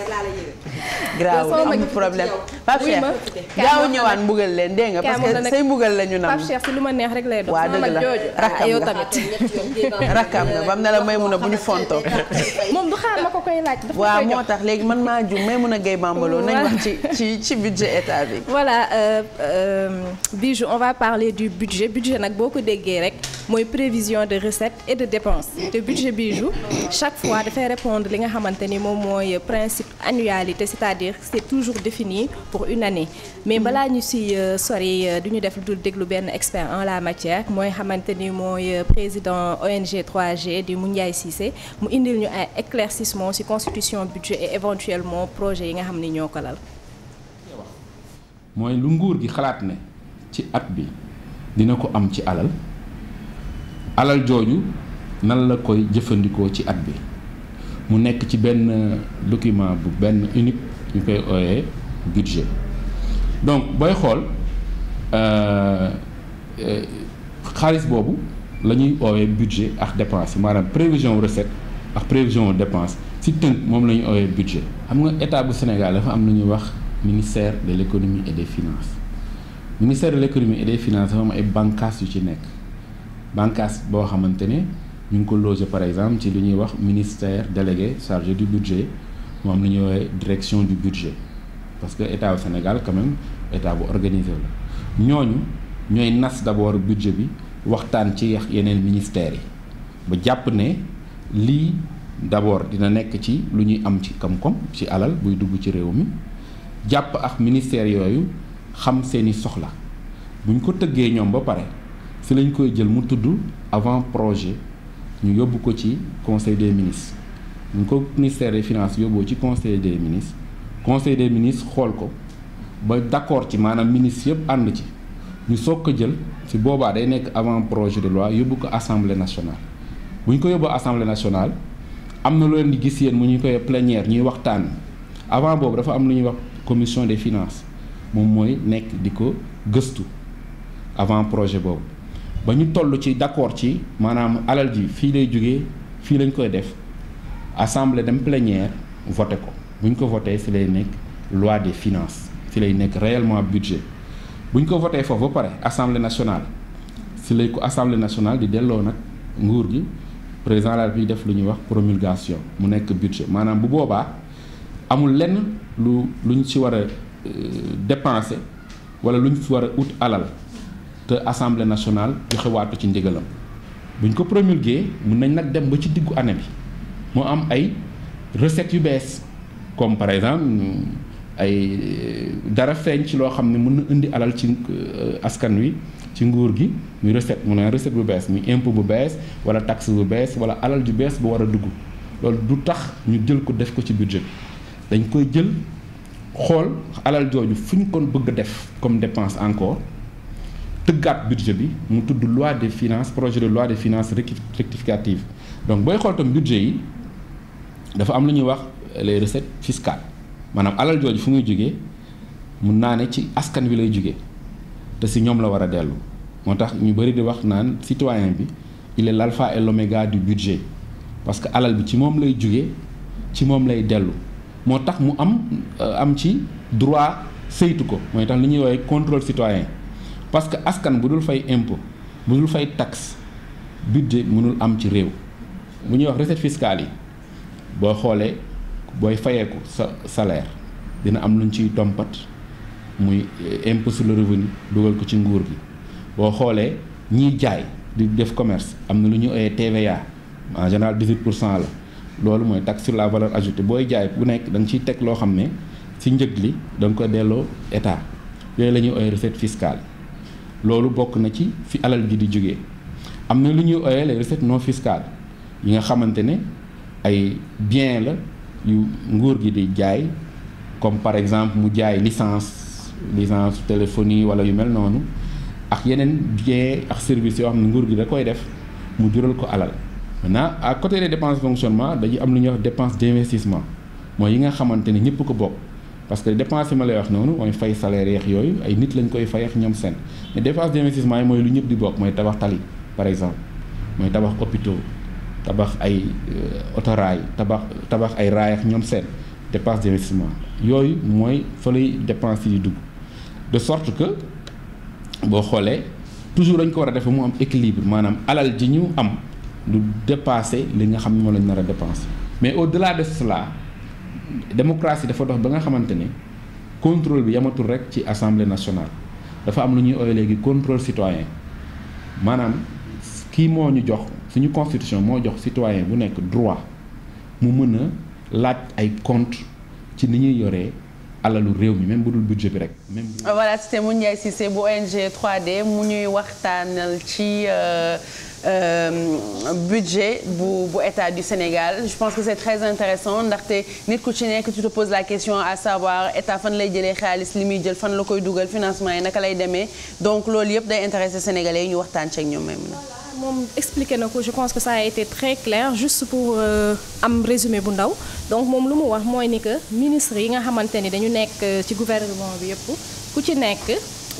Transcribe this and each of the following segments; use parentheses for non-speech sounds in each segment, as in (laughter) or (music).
rek laa la yëg graawul amul problème Pape Cheikh gaaw ñëwaan mbugal leen dégg parce que say mbugal la ñu nam Pape Cheikh si lu ma neex rek lay dox waaw la rakkam ah, yow tamit la may mun a bu ñu fontoo (laughs) moom du xaar ma ko koy laaj waaw moo tax léegi man maa jum may mun a gay bambaloo nañ wax ci ci ci budget état bi voilà euh, euh, Bijou on va parler du budget budget nag boo ko déggee rek mooy prévision de recettes et de dépenses te budget Bijou chaque fois dafay répondre li nga xamante ni moom mooy principe annualité cest c'est-à-dire c'est toujours défini pour une année mais mm-hmm. balaa ñu si euh, sori euh, du ñu def lu dul déglu benn expert en la matière mooy xamante ni mooy euh, président ONG 3G di Moundiaye Cissé mu indil ñu ay éclaircissement si constitution budget et éventuellement projet yi nga xam ni ñoo ko lal mooy lu nguur gi xalaat ne ci at bi dina ko am ci alal alal jooju nan la koy jëfandikoo ci at bi mu nekk ci benn document bu benn unique ñu koy ooyee budget donc booy xool euh, xaalis boobu la ñuy ooyee budget ak dépense maanaam prévision recette ak prévision dépense si tënk moom la ñuy ooyee budget xam nga état bu Sénégal dafa am lu ñuy wax ministère de l' économie et des finances ministère de l' et des finances dafa am ay bànqaas yu ci nekk bànqaas boo xamante ne ñu ngi ko loger par exemple ci lu ñuy wax ministère délégué chargé du budget moom lu ñuy woowee direction du budget parce que état bu Sénégal quand même état bu organisé la ñooñu ñooy nas d'abord budget bi waxtaan ci yeneen ministères yi ba jàpp ne lii d'abord dina nekk ci lu ñuy am ci koom-koom ci alal buy dugg ci réew mi jàpp ak ministères yooyu xam seeni soxla buñ ko tëggee ñoom ba pare si lañ koy jël mu tudd avant projet ñu yóbbu ko ci conseil des ministres ñu ko ministère des finances yóbboo ci conseil des ministres conseil des ministres xool ko ba d'accord ci maanaam ministres yëpp ànd ci ñu soog ko jël si boobaa day nekk avant projet de loi yóbbu ko assemblée nationale bu ñu ko yóbboo assemblée nationale am na lu leen gis yéen mu ñu koy plénière ñuy waxtaan avant boobu dafa am lu ñuy wax commission des finances moom mooy nekk di ko gëstu avant projet boobu ba ñu toll ci d'accord ci maanaam alal ji fii lay jógee fii lañ koy def assemblée dem plénière voté ko bu ko voté fi lay nekk loi des finance fi lay nekk réellement budget bu ñu ko voté foofu ba pare assemblée nationale si lay ko assemblée nationale di delloo nag nguur gi président de la République def lu ñuy wax promulgation mu nekk budget maanaam bu boobaa amul lenn lu lu ñu ci war a euh, dépenser wala lu ñu fi war a ut alal te assemblée nationale joxe waatu ci ndigalam bu ñu ko promulguer mun nañ nag dem ba ci diggu année bi. mu am ay recettes yu bees comme par exemple ay euh, dara feeñ ci loo xam ne mën na indi alal ci euh, askan wi ci nguur gi mu recette mu ne recette bu bees muy impôt bu bees wala taxe bu bees wala alal ju bees bu war a dugg loolu du tax ñu jël ko def ko ci budget bi dañ koy jël xool alal jooju fu ñu kon bëgg a def comme dépense encore tëggaat budget bi mu tudd loi de finances projet de loi de finance rectificative donc booy xool tam budget yi dafa am lu ñuy wax les recettes fiscales maanaam alal jooju fu muy jógee mun naa ne ci askan wi lay jógee te si ñoom la war a dellu moo tax ñu bëri di wax naan citoyen bi il est l'alpha et l'oméga du budget parce que alal bi ci moom lay jógee ci moom lay dellu moo tax mu am euh, am ci droit saytu ko mooy tax li ñuy woowee contrôle sitoyen parce que askan bu dul fay impôt bu dul fay tax budget mënul am ci réew bu ñuy wax recette fiscale yi boo xoolee booy ko sa salaire dina am lu luñ ciy tompat muy eh, impôt sur le revenu dugal ko ci nguur gi boo xoolee ñiy jaay di def commerce am na lu ñu oyee TVA en général 18 pour cent la loolu mooy taxe sur la valeur ajoutée booy jaay bu nekk danga ciy teg loo xam ne si njëg li da nga koy delloo état yooyu la ñuy oyee recette fiscale loolu bokk na ci fi alal bi di jógee am na lu ñuy oyee les recettes non fiscales yi nga xamante ne ay bien la yu nguur gi di jaay comme par exemple mu jaay licence licence téléphonie wala yu mel noonu ak yeneen bien ak service yoo xam ne nguur gi da koy def mu jural ko alal maintenant à côté des dépenses de fonctionnement dañu am lu ñuy wax dépense d' investissement mooy yi nga xamante ne ñëpp ko bokk parce que dépense yi ma lay wax noonu mooy fay salaire yeex yooyu ay nit lañ koy fay ak ñoom seen mais dépense d' yi mooy lu ñëpp di bokk mooy tabax tali par exemple mooy tabax hôpitaux tabax ay euh, autoraay tabax tabax ay raay ñoom seen dépense d'investissement yooyu mooy fa lay dépense yi dugg de sorte que boo xoolee toujours dañ ko war a def mu am équilibre maanaam alal ji ñu am du dépasser li nga xam ne moom lañ nar a dépenser mais au-delà de cela démocratie dafa dox ba nga xamante ne contrôle bi yamatul rek ci assemblée nationale dafa am lu ñuy ooy léegi contrôle citoyen maanaam kii moo ñu jox suñu constitution moo jox citoyen bu nekk droit mu mën a laaj ay compte ci ni ñuy yoree alalu réew mi même bu dul budget bi rek. même voilà c'était Moundiaye Cissé bu ONG 3 de mu ñuy waxtaanal ci. Euh, euh, budget bu bu état du Sénégal je pense que c'est très intéressant ndaxte nit ku ci nekk tu te la question à savoir état fan lay jëlee xaalis li muy jël fan la koy dugal financement yi naka lay demee donc loolu yëpp day intéresser sénégalais yi ñu waxtaan ci ñoom moom expliqué na ko je pense que ça a été très clair juste pour euh, am résumé bu ndaw donc moom lu mu wax mooy ni que ministre yi nga xamante ni dañu nekk euh, ci gouvernement bi yëpp ku ci nekk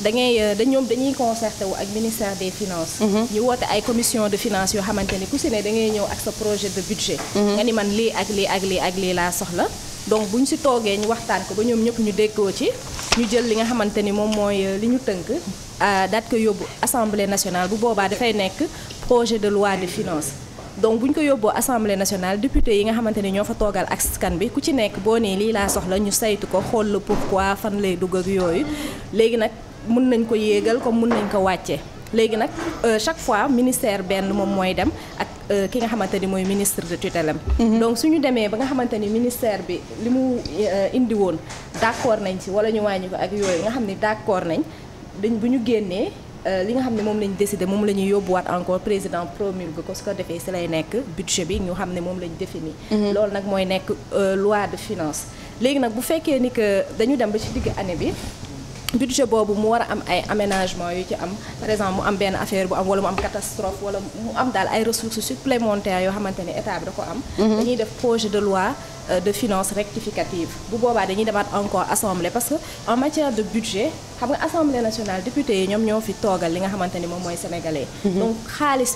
da ngay euh, da dañuy concerté wu ak ministère des finances mhm. ñu woote ay commission de finance yoo xamante ni ku si ne da ngay ñëw ak sa projet de budget mhm. nga ni man lii ak lii ak lii ak lii laa soxla donc bu ñu si toogee ñu waxtaan ko ba ñoom ñëpp ñu déggoo ci ñu jël li nga xamante ni moom mooy euh, li ñu tënk daat ko yóbbu assemblée nationale bu boobaa dafay nekk projet de loi de finances donc buñ ko yóbboo assemblée nationale député yi nga xamante ni ñoo fa toogal askan bi ku ci nekk boo nee lii laa soxla ñu saytu ko xool la pourquoi fan lay dugg ak yooyu léegi nag mun nañ ko yéegal comme mun nañ ko wàccee. léegi nag euh, chaque fois ministère benn moom mooy dem ak euh, ki nga xamante ni mooy ministre de tutelle am mhm. donc suñu demee ba nga xamante ni ministère bi li mu euh, indi woon d'accord nañ ci wala ñu wàññi ko ak yooyu nga xam ne d'accord nañ dañ bu ñu génnee li nga xam ne moom lañu décidé moom la ñuy yóbbuwaat encore président promulgue ko su ko defee si lay nekk budget bi ñu xam ne moom lañu défini mhm. loolu nag mooy nekk loi de finance léegi nag bu fekkee ni que dañu dem ba ci digg année bi budget boobu mu war a am ay aménagement yu ci am par exemple mu am benn affaire bu am wala mu am catastrophe wala mu am daal ay ressources supplémentaires yoo xamante ne état bi da ko am mhm. dañuy def projet de loi Euh, de finances rectificative bu boobaa dañuy demaat encore assemblée parce que en matière de budget xam nga assemblée nationale député yi ñoom ñoo fi toogal li nga xamante ni moom mooy sénégalais. Mhm. donc xaalis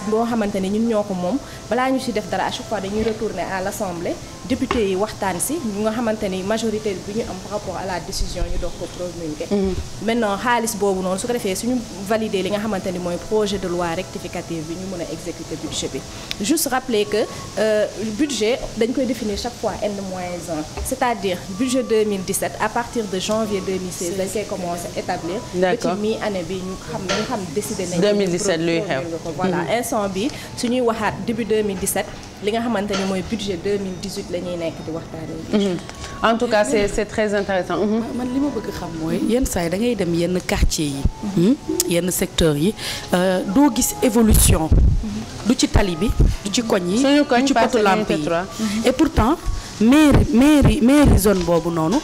ñu ci def dara à chaque fois dañuy retourner à l'assemblée député yi waxtaan ci ñu nga am par rapport à la décision ñu doog ko promulguer. Mhm. maintenant boobu noonu su ko defee suñu valider li nga xamante ni mooy projet de loi rectificative bi ñu mën a exécuter budget bi juste rappeler que euh, budget dañ koy définir chaque fois. N moins 1 c'est-à-dire budget 2017 à partir de janvier 2016 dañ koy commencé établir ba ci mi année bi ñu xam ñu xam décidé nañ 2017 luy xew voilà mm-hmm. instant bi suñuy waxaat début 2017 li nga xamante ni mooy budget 2018 la ñuy nekk di waxtaanee mm-hmm. en tout cas c'est c'est très intéressant mm-hmm. man li ma bëgg xam mooy yenn saa yi da ngay dem yenn quartier yi hmm? yenn secteur yi euh, doo gis évolution du ci tali bi du ci koñ yi du ci potu lampe yi et pourtant mairie mairie mairie zone boobu noonu.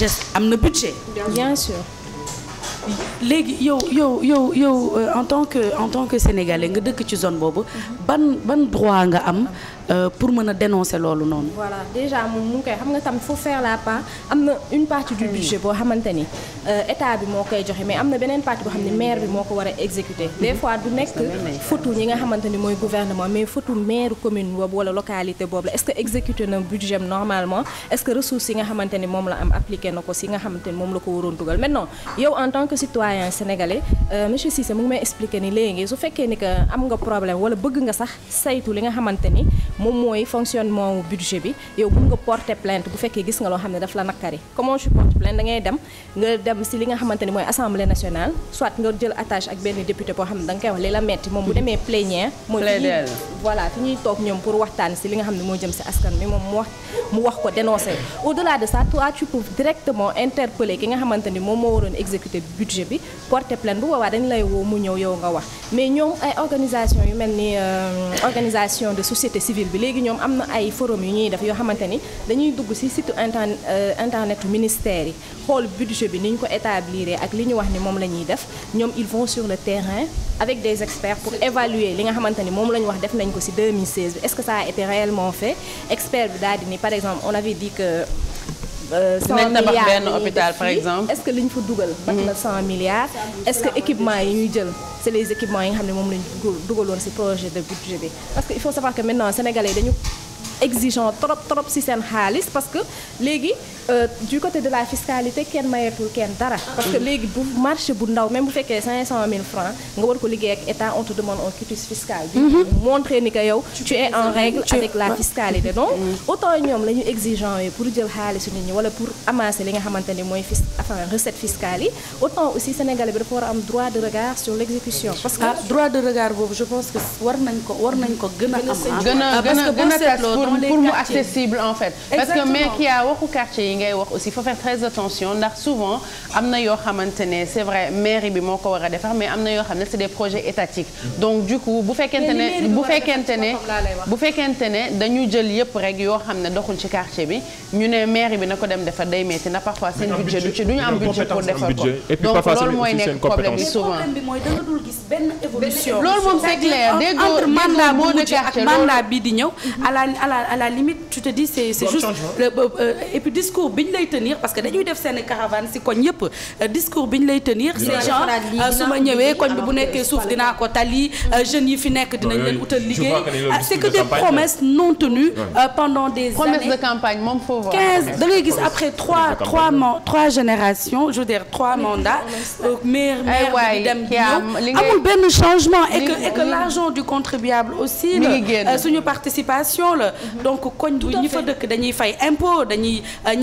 je am na budget. bien sûr. léegi yow yow yow yow euh, en tant que en tant que sénégalais nga dëkk ci zone boobu. ban ban droit nga am. Euh, pour mën a dénoncer loolu noonu. voilà déjà moom mu ngi xam nga tam faut faire la part am na une partie du budget boo xamante euh, état bi moo koy joxe mais am na beneen partie boo xam mooy gouvernement mais fotu maire commune boobu wala localité boobu la est-ce na budget normalement est-ce yi nga xamante moom la am appliqué na ko si nga xamante moom la ko waroon dugal maintenant yow en tant que citoyen sénégalais euh, mu ngi may moom mooy fonctionnement wu budget bi yow bu nga porter plainte bu fekkee gis nga loo xam ne daf la nakari comment je porte plainte da ngay dem nga dem si li mooy assemblée nationale soit nga jël attache ak benn député boo xam bu demee si li nga xam ne moo jëm si askan bi moom mu wax mu wax ko dénoncer au delà moom moo waroon exécuter budget bi porter plainte bu boobaa dañ lay woo mu ñëw yow nga wax mais ñoom ay organisation yu mel ni euh, organisation de société civile civile bi léegi ñoom am na ay forum yu ñuy def yoo xamante ni dañuy dugg ci site euh, internet ministère yi xool budget bi ni ñu ko établir ak li ñu wax ni moom la ñuy def ñoom ils vont sur le terrain avec des experts pour évaluer li nga xamante ni moom lañu wax def nañ ko ci 2016 bi est-ce que ça a été réellement fait expert bi daal di ni par exemple on avait dit que. Euh, dinañ benn hôpital est que li ñu fa dugal. bat na milliards. est que équipement yi ñuy jël. c' est les équipements yi nga xam ne moom lañ dugaloon ci projet de budget bi parce que il faut savoir que maintenant sénégalais dañu exigeant trop trop ci seen xaalis parce que léegi Euh, du côté de la fiscalité kenn mayeetul kenn dara. parce que léegi bu marché bu ndaw même bu fekkee 500000 francs nga war ko liggéey ak état on te demande un quitus fiscal. bi mhm. montré ni que yow. tu es en règle avec la fiscalité (laughs) donc. Mm. autant ñoom la ñu yi pour jël xaalisu nit ñi wala pour amasser li nga xamante ni mooy fis enfin recette fiscale yi autant aussi sénégalais bi dafa war a am droit de regard sur l' parce que ah, droit de regard yi ngay wax aussi faut faire très attention ndax souvent am na yoo xamante ne c'est vrai mairie bi moo ko war a defar mais am na yoo xam ne c'est des projets étatiques donc du coup bu fekkente ne bu ne bu fekkente ne dañu jël yëpp rek yoo xam ne doxul ci quartier bi ñu ne mairie bi na ko dem defar day metti na parfois seen budget du ci du ñu am budget pour defar ko donc loolu moom c'est clair déggoo mandat bu mujj ak mandat bi di ñëw à la à la à la limite tu te dis c'est c'est discours bi ñu lay tenir parce que dañuy def seen caravane si koñ yëpp euh, discours bi promesses non tenues euh, pendant des promesses de campagne moom faut voir da ngay gis après trois trois trois générations je veux dire trois mandats euh, maire eh maire dem ñëw amul benn changement et que l'argent du contribuable aussi la suñu participation la mm-hmm. donc koñ bu ñi fa dëkk dañuy fay impôt dañuy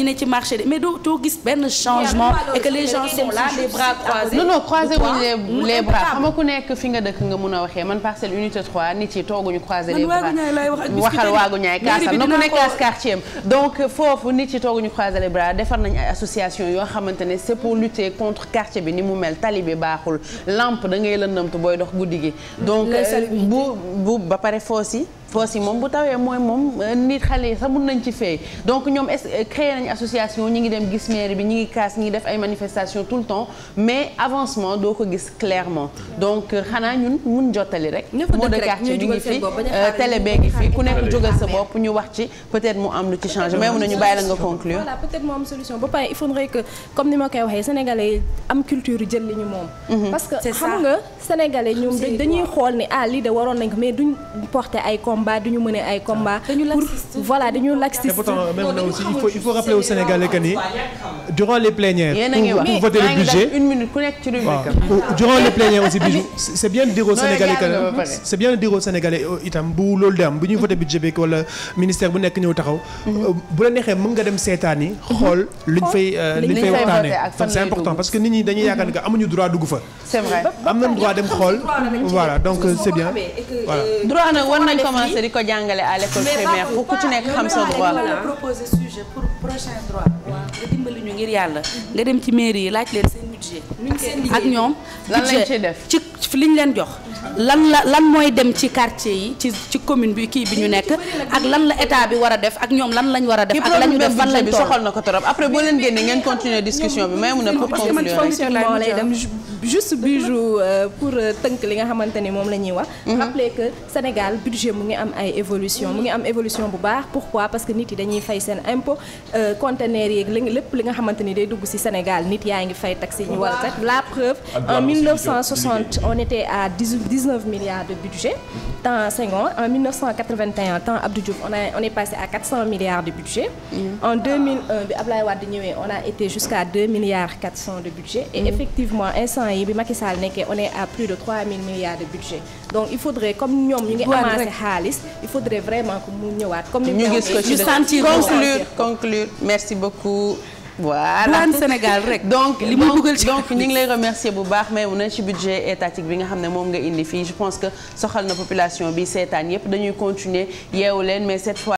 ne ci marché de mais doo doo gis benn changement. et que les gens sont là les bras croisés. non non croisé wuñ les bras xam nga ku nekk fi nga dëkk nga mun a waxee man parcelle unité 3 nit yi tooguñu croisé les bras. waxal waagu ñaay kaasal na ku nekk as quartier donc foofu nit yi tooguñu croisé les bras defar nañ ay association yoo xamante ne c'est pour lutter contre quartier bi ni mu mel tali bi baaxul lampe da ngay lëndamtu booy dox guddi gi. donc euh, bu bu ba pare foos yi foos yi moom bu tawee mooy moom euh, nit xale sax mun nañ ci fay donc ñoom créé nañ association ñi ngi dem gis mairie bi ñi ngi kaas ñi ngi def ay manifestations tout le temps mais avancement doo ko gis clairement donc euh, xanaa ñun mun jottali rek moo de quartier ñu ngi euh, fi télé bee ngi fi ku nekk jógal sa bopp ñu wax ci peut-être mu am lu ci changé mais mun nañu bàyyi la nga conclure voilà peut-être moo am comme ni ma koy waxee sénégalais am culture jël li ñu moom mhm. combat du ñu mëne ay combat pour voilà dañu laxiste il faut il faut rappeler aux Sénégalais que durant les plénières pour, voter budget une durant les plénières aussi bi c'est bien de dire aux Sénégalais bu loolu de bu ñuy voter budget bi wala ministère bu nekk ñëw taxaw bu la neexee mën nga dem seetaan yi xool luñ fay luñ fay waxtaanee c'est important parce que nit ñi dañuy yaakaar ne que amuñu droit dugg fa c'est vrai am nañ droit dem xool voilà donc c'est bien voilà français di ko jàngale à l'école primaire pour ku ci nekk xam sa droit la proposer pour prochain droit nga dimbali ñu ngir yàlla nga dem ci mairie yi laaj leen seen budget ak ñoom lan lañ ci def ci liñ leen jox lan la lan mooy dem ci quartier yi ci ci commune bi kii bi ñu nekk ak lan la état bi war a def ak ñoom lan lañu war a def ak lañu def fan lañ toll soxal na ko trop après boo leen génnee ngeen continuer discussion bi may mun a pour conclure lay dem juste bijou euh, pour euh, tënk li nga xamante ni moom la ñuy wax mhm. rappeler que Sénégal budget mu ngi am ay évolution mu ngi am évolution bu baax pourquoi parce que nit yi dañuy fay seen impôt euh, conteneurs yeeg li lépp li nga xamante ni day dugg ci Sénégal nit yaa ngi fay taxi ñu 19 milliards de budget. Temps Senghor, en 1981, temps on, est passé à milliards de budget. Mm. En 2001, bi Abdoulaye Wade on a été jusqu'à milliards de budget. Et mmh. effectivement instant yi bi Macky Sall on est à plus de milliards de budget. donc il faudrait comme ñoom ñu ngi avancer il faudrait vraiment que mu ñëwaat. comme ni ñu conclure conclure merci beaucoup. voilà douane Sénégal rek. donc li mu dugal ci donc ñu lay remercier bu baax mais na ci budget étatique bi nga xam moom nga indi fii je pense que soxal na population bi seetaan yëpp dañuy continuer yeewu leen mais cette fois.